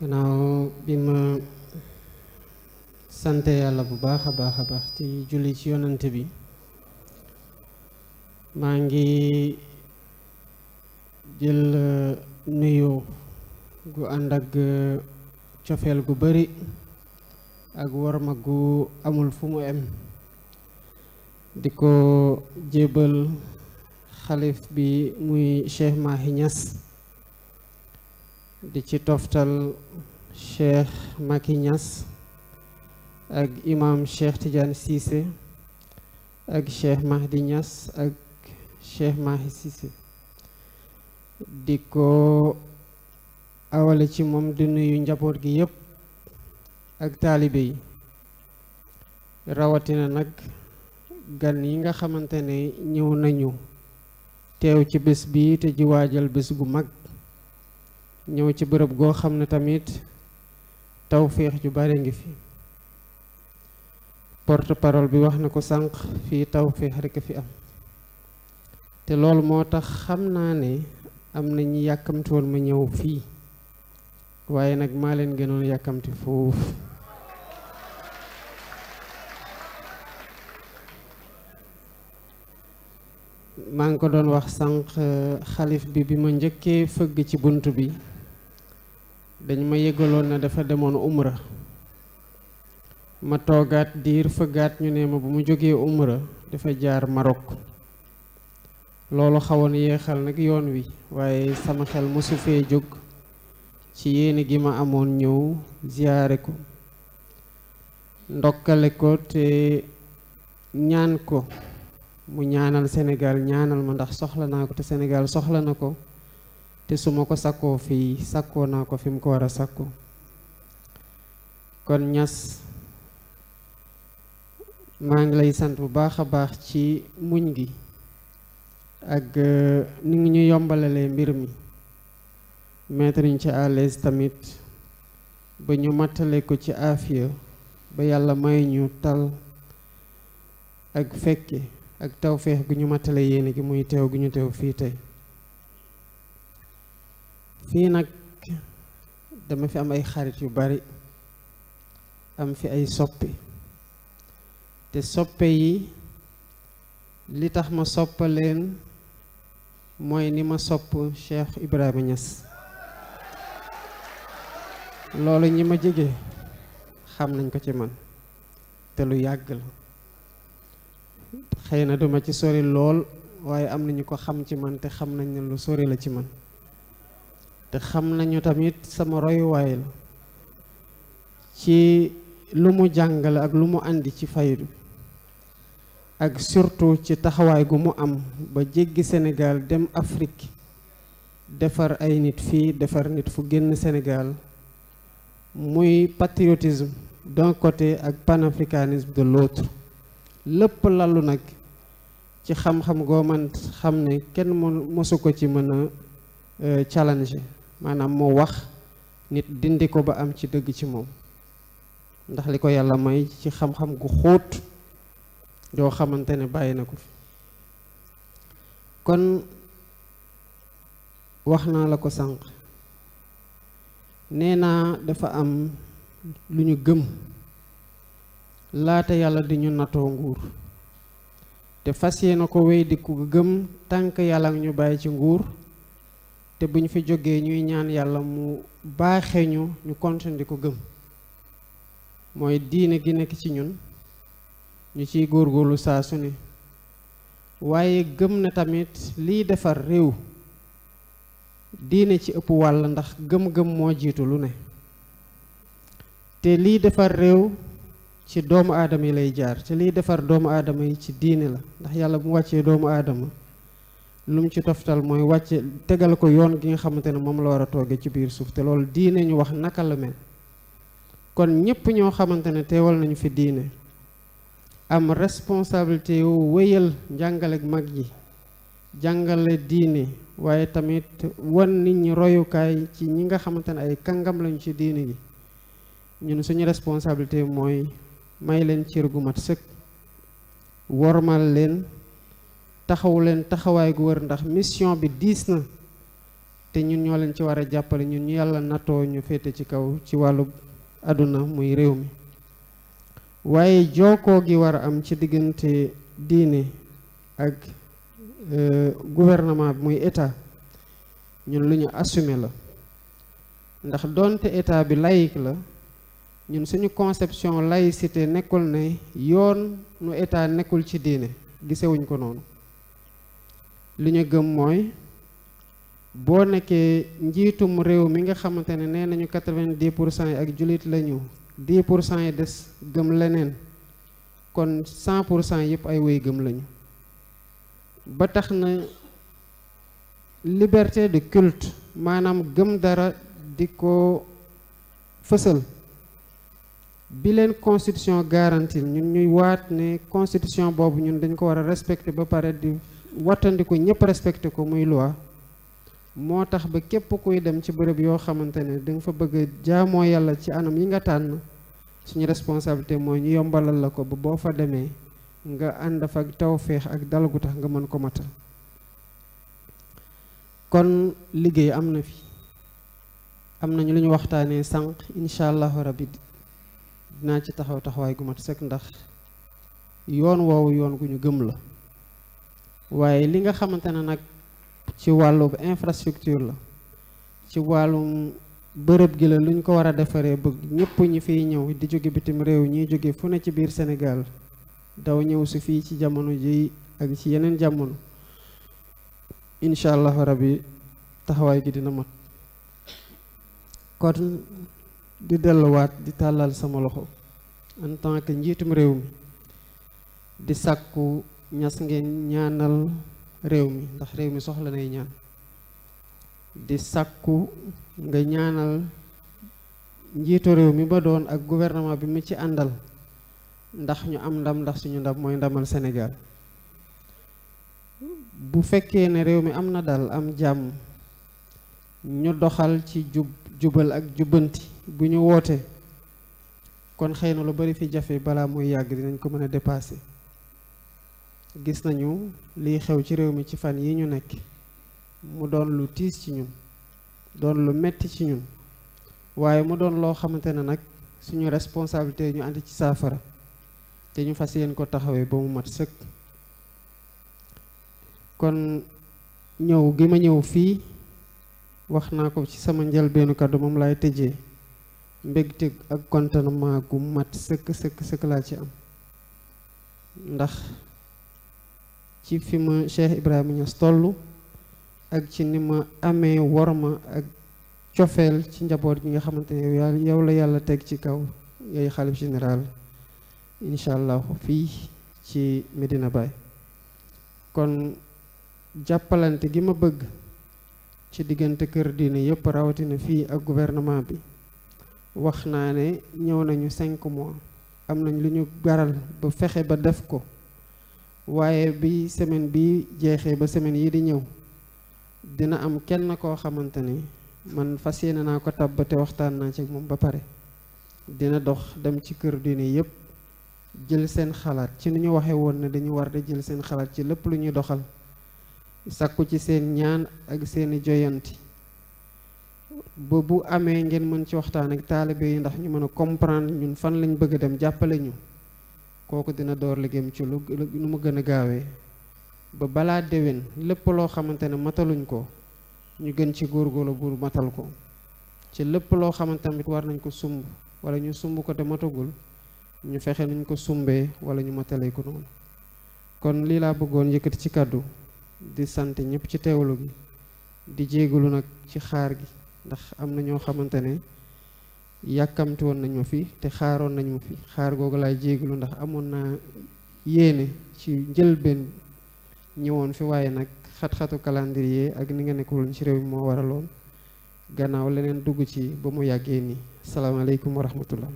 gannaaw bi ma sante yàlla bu baax a baax a baax ci julli ci yonante bi maa ngi jël uh, nuyu gu ànd ak uh, cofeel gu bari ak warma gu amul fu mu em di ko jébal xalif bi muy Cheikh Mahi Niass di ci toftal Cheikh Macky ak imam Cheikh Tidiane Cissé ak Cheikh Mahdi ak Cheikh Mahi di ko awale ci moom di nuyu njaboot gi yépp ak taalibe yi rawatina nag gan yi nga xamante ne ñëw nañu teew ci bés bi te ji waajal bés bu mag ñëw ci bërëb goo xam ne tamit tawféex ju bari ngi fi porte parole bi wax na ko sànq fii tawféex rekk fi am te loolu moo tax xam naa ne am na ñi yàkkamti woon ma ñëw fii waaye nag maa leen gënoon yàkkamti foofu maa ngi ko doon wax sànq xalif bi bi ma njëkkee fëgg ci bunt bi dañ ma yëgaloon na dafa demoon umra ma toggaat diir fëggaat ñu ne ma bu mu jógee umra dafa jaar Maroc loolu xawoon yeexal nag yoon wi waaye sama xel mosu fee jóg ci yéene gi ma amoon ñëw ziyaare ko ndokkale ko te ñaan ko mu ñaanal Sénégal ñaanal ma ndax soxla naa ko te senegaal soxla na ko te su ma ko sakkoo fii sakkoo naa ko fi mu ko war a sakkoo kon ñas maa ngi lay sant bu baax a baax ci muñ gi ak euh, ni ngi ñu yombalalee mbir mi mettre ñu ci à tamit ba ñu mattale ko ci aafiya ba yàlla may ñu tal ak fekke ak tawfeex gu ñu mattale yéene gi muy teew gu ñu teew fii tey fii nag dama fi am ay xarit yu bari am fi ay soppe te soppe yi li tax ma soppaleen mooy ni ma sopp Cheikh Ibrahima ñas loolu ñi ma jege xam nañ ko ci man te lu yàgg la xëy na duma ci sori lool waaye am na ñu ko xam ci man te xam nañ ne lu sori la ci man te xam nañu tamit sama royuwaay la ci lu mu jàngale ak lu mu indi ci faydu ak surtout ci taxawaay gu mu am ba jéggi Sénégal dem Afrique defar ay nit fii defar nit fu génn Sénégal muy patriotisme d'un côté ak panafricanisme de l'autre lépp lalu nag ci xam-xam goo man xam ne kenn mësu ko ci mën a euh, challenger maanaam moo wax nit dindi ko ba am ci dëgg ci moom ndax li ko yàlla may ci xam-xam gu xóot joo xamante ne bàyyi na ko fi kon wax naa la ko sànq nee naa dafa am lu ñu gëm laata yàlla di ñu natoo nguur te fas na ko wéy di ku gëm tànk yàlla ñu bàyyi ci nguur te bu ñu fi jógee ñuy ñaan yàlla mu baaxee ñu ñu continuer ko gëm mooy diine gi nekk ci ñun ñu ciy góorlu saa su ne waaye gëm ne tamit liy defar réew diine ci ëpp wàll ndax gëm-gëm moo jiitu lu ne te lii defar réew ci doomu aadama yi lay jaar te liy defar doomu aadama yi ci diine la ndax yàlla bu wàccee doomu aadama lu mu ci toftal mooy wàcce tegal ko yoon gi nga xamante ne moom la war a tooge ci biir suuf te loolu diine ñu wax naka la mel kon ñépp ñoo xamante ne teewal nañu fi diine am responsabilité yu wéyal njàngaleek mag yi jàngale diine waaye tamit wan nit ñi royukaay ci ñi nga xamante ne ay kàngam lañu ci diine gi ñun suñu responsabilité mooy may leen cër gu mat sëkk wormal leen taxawu leen taxawaay gu wër ndax mission bi diis na te ñun ñoo leen ci war a jàppale ñun ñu yàlla natoo ñu féete ci kaw ci wàllu àdduna muy réew mi waaye jookoo gi war a am ci diggante diine ak euh, gouvernement bi muy état ñun lu ñu assumé la ndax doonte état bi laïque la ñun suñu conception laïcité nekkul ne yoon nu état nekkul ci diine gisewuñ ko noonu li ñu gëm mooy boo nekkee njiitum réew mi nga xamante ne nee nañu quatre vingt pour cent yi ak jullit lañu dix pour cent yi des gëm leneen kon cent pour cent yëpp ay woy gëm lañu ba tax na liberté de culte maanaam gëm dara di ko fësal bi leen constitution garanti ñun ñuy waat ne constitution boobu ñun dañ ko war a respecter ba pare di wattandiku ñëpp respecté ko muy loi moo tax ba képp kuy dem ci bërëb yoo xamante ne da nga fa bëgg a jaamoo yàlla ci anam yi nga tànn suñu responsabilité mooy ñu yombalal la ko ba boo fa demee nga ànd fa ak tawféex ak dal gu tax nga mën ko matal kon liggéey am na fi am nañu lu ñu waxtaanee sànq incha allahu rabbi dinaa ci taxaw taxawaay gu mat sëkk ndax yoon woowu yoon gu ñu gëm la waaye li nga xamante ne nag ci wàllu infrastructure la ci wàllum bërëb gi la lu ñu ko war a defaree bëgg ñëpp ñi fiy ñëw di jóge bitim réew ñiy jóge fu ne ci biir Sénégal daw ñëw su fii ci jamono ji ak ci yeneen jamono incha allahu rabbi taxawaay gi dina mat kon di delluwaat di tàllal sama loxo en tant que njiitum réew mi di sàkku ñas ngeen ñaanal réew mi ndax réew mi soxla nay ñaan di sàkku nga ñaanal njiitu réew mi ba doon ak gouvernement bi mu ci àndal ndax ñu am ndam ndax suñu ndam mooy ndamal senegaal bu fekkee ne réew mi am na daal am jàmm ñu doxal ci jub jubal ak jubbanti bu ñu woote kon xëy na lu bari fi jafe balaa muy yàgg dinañ ko mën a dépasser gis nañu liy xew ci réew mi ci fan yi ñu nekk mu doon lu tiis ci ñun doon lu metti ci ñun waaye mu doon loo xamante ne nag suñu responsabilité ñu ànd ci saafara te ñu fas yéen ko taxawee ba mu mat sëkk kon ñëw gi ma ñëw fii wax naa ko ci sama njëlbeenu kàddu moom laay tëjee mbégte ak contentement gu mat sëkk sëkk sëkk laa ci am ndax ci fi ma Cheikh Ibrahima Niass tollu ak ci ni ma amee worma ak cofeel ci njaboot gi nga xamante ne yow la yàlla teg ci kaw yay xalif général incha allah fii ci Medina Baye kon jàppalante gi ma bëgg ci diggante kër diine yëpp rawatina fii ak gouvernement bi wax naa ne ñëw nañu cinq mois am nañ lu ñu baral ba fexe ba def ko waaye bi semaine bi jeexee ba semaine yi di ñëw dina am kenn koo xamante ni man fas yéene naa ko tabb te waxtaan naa ci moom ba pare dina dox dem ci kër diine yépp jël seen xalaat ci ni ñu waxee woon na dañu war di jël seen xalaat ci lépp lu ñuy doxal sàkku ci seen ñaan ak seeni joyanti ba bu amee ngeen mën ci waxtaan ak taalibe yi ndax ñu mën a comprendre ñun fan lañu bëgg a dem jàppale ñu kooku dina door liggéeyam ci lu nu mu gën a gaawee ba balaa déwén lépp loo xamante ne mataluñ ko ñu gën ci góorgóorlu bu matal ko ci lépp loo xamante tamit war nañ ko sumb wala ñu sumb ko te matagul ñu fexe nuñ ko sumbee wala ñu matalee ko noonu kon lii laa bëggoon yëkkati ci kàddu di sant ñëpp ci teewlu gi di jégalu nag ci xaar gi ndax am na ñoo xamante ne yàkkamti woon nañ ma fi te xaaroon nañ ma fi xaar googu laay jéeglu ndax amoon naa yéene ci njëlbeen ñëwoon fi waaye nag xat-xatu calendrier ak ni nga nekkuloon ci réew mi moo waraloon gannaaw leneen dugg ci ba mu yàggee nii salaamaaleykum wa rahmatullah